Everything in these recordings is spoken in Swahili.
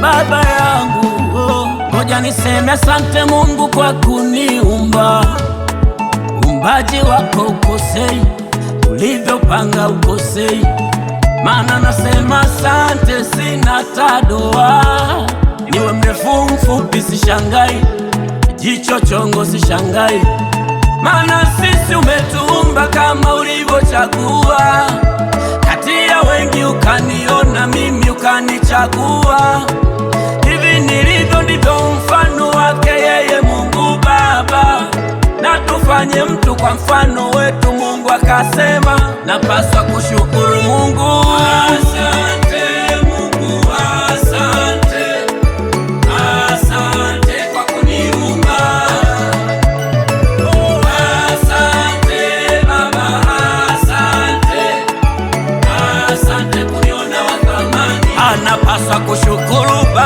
baba yangu, oh. ngoja niseme asante Mungu kwa kuniumba. Umbaji wako ukosei, ulivyopanga ukosei, maana nasema asante, sina tadoa. Niwe mrefu mfupi sishangai, jicho chongo sishangai, maana sisi umetuumba kama ulivyochagua kati ya wengi ukaniona mimi ukanichagua, hivi nilivyo ndivyo mfano wake yeye Mungu Baba, na tufanye mtu kwa mfano wetu. Mungu akasema napaswa kushukuru Mungu.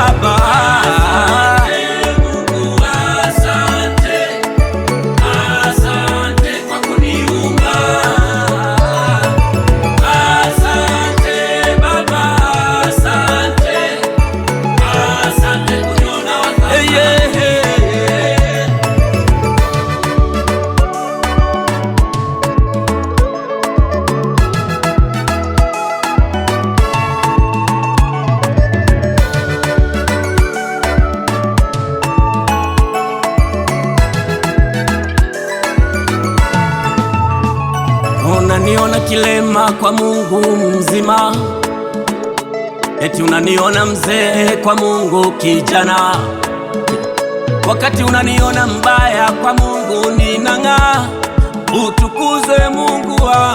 baba Unaniona kilema kwa Mungu mzima, eti unaniona mzee kwa Mungu kijana, wakati unaniona mbaya kwa Mungu ninang'aa. Utukuze Mungu wa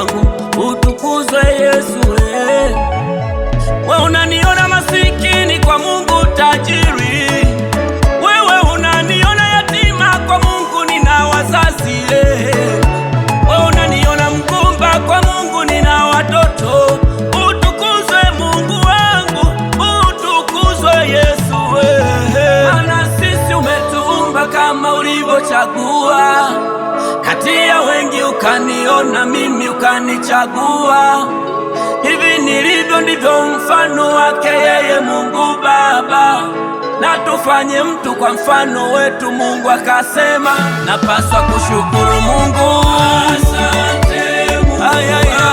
ulivyochagua kati ya wengi, ukaniona mimi, ukanichagua. Hivi nilivyo ndivyo mfano wake yeye Mungu Baba, na tufanye mtu kwa mfano wetu. Mungu akasema, napaswa kushukuru Mungu. Asante Mungu.